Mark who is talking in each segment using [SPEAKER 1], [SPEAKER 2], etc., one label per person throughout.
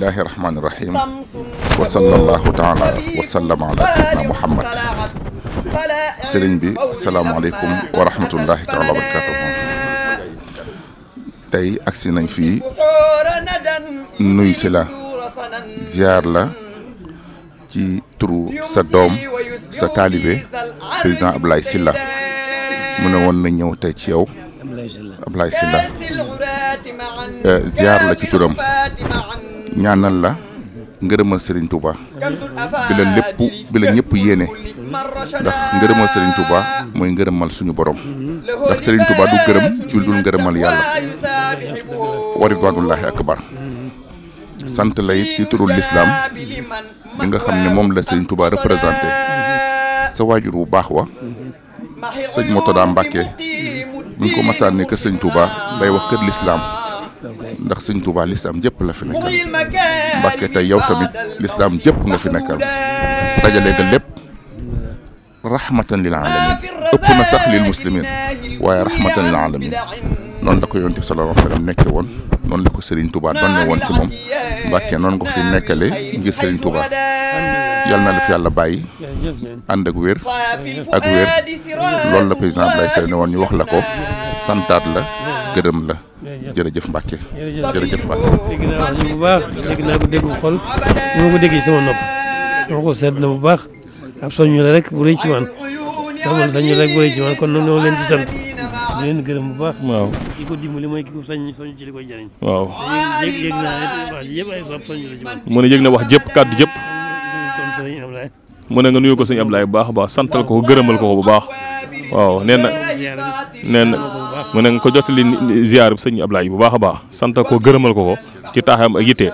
[SPEAKER 1] bismillahi rahmaani rahim wa sallallahu bi asalaamaaleykum wa agsi nañ fii nuy si la ziar ci turu sa doom sa taalibe président Ablaye Sylla mu ne woon ñëw tey ci yow Ablaye Sylla eh, ziar la ci turam ñaanal la ngërëmal Serigne Touba bi la lépp bi la ñëpp yéene ndax ngërëmal Serigne Touba mooy ngërëmal suñu borom ndax sëriñ Touba du gërëm ci dul ngërëmal yàlla wa ridwanullahi akbar sant la it lislaam bi nga xam ne moom la Serigne Touba représenté sa waajur wu baax wa sëñ Motoda Mbàkke bu ñu ko masaan ne que Serigne Touba day wax kër lislaam ndax sëñ Tuubaa lislaam jëpp la fi nekkal Mbàkke tey yow tamit lislaam jëpp nga fi nekkal dajale nga lépp rahmatan lil alamin ëpp na sax lil muslimin waaye rahmatan lil alamin noonu la ko yonent bi sallallahu nekke woon noonu la ko Serigne Touba donne woon ci moom Mbàkke noonu ko fi nekkale ngir Serigne Touba yal na la fi yàlla bàyyi ànd ak wér ak la président Abdoulaye Sall ne woon wax la ko santaat la gërëm la jërëjëf a jërëjëf Mbacke. dégg naa wax bu baax a naa ko déggu a bu ma
[SPEAKER 2] ko déggee sama nopp dama ko seet na bu baax ab soññu la rek ci man sama soññu la rek bu rëy ci kon noonu la leen di sant di leen gërëm bu baax. waaw ki ko dimbali mooy ki ko sañ soññ ci li koy jëriñ. waaw yéeg yéeg naa wax yëpp ay ab soññu la ci man. mu ne yéeg na wax ne
[SPEAKER 3] nga nuyoo ko sëñ Ablaye bu baax a baax santal ko ko gërëmal ko ko bu baax waaw nee na nee na mu ne nga ko jottali ziar bi sëñ Ablaye bu baax a baax sant ko gërëmal ko ko ci taaxam a yitte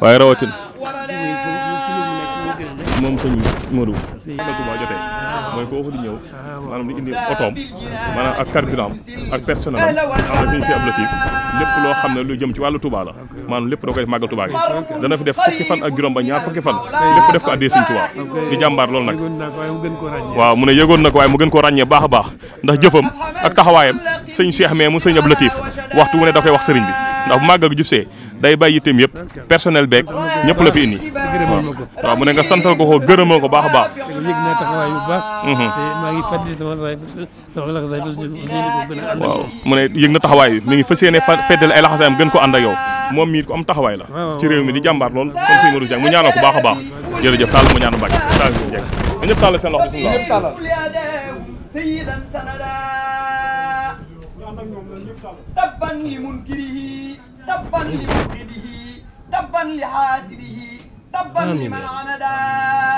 [SPEAKER 3] waaye rawatina. moom sëñ Modou sëñ Touba jotee mooy ko waxu di ñëw maanaam di indi otoom maanaam ak carburant ak personnel am am na suñu si ablatif lépp loo xam ne lu jëm ci wàllu Touba la maanaam lépp da koy def màggal dana fi def fukki fan ak juróom ba ñaar fukki fan lépp def ko addee sëñ Touba di jàmbaar loolu nag waaw mu ne yegoon na ko waaye mu gën koo ràññee baax a baax ndax jëfam ak taxawaayam sëñ Cheikh mais mu sëñ ablatif waxtu wu ne da koy wax sëriñ bi ndax bu màggal gi jubsee day bàyyi itam yëpp personnel beeg ñëpp la fi indi waaw mu ne nga santal ko ko gërëmoo ko baax a baax.
[SPEAKER 2] yëg naa taxawaay bu baax. te maa ngi
[SPEAKER 3] mu ne yëg na taxawaay bi mi ngi fas yéene feddal ay laxasaayam gën ko ànd ak yow moom mii ko am taxawaay la. ci réew mi di jàmbaar lool comme sëñ Modou Dieng mu ñaanal ko baax a baax jërëjëf taal mu ñaan Mbàkke taal mu ñëpp taal seen loxo bismillah
[SPEAKER 1] تبا لمفقده تبا لحاسده تبا لمن عندا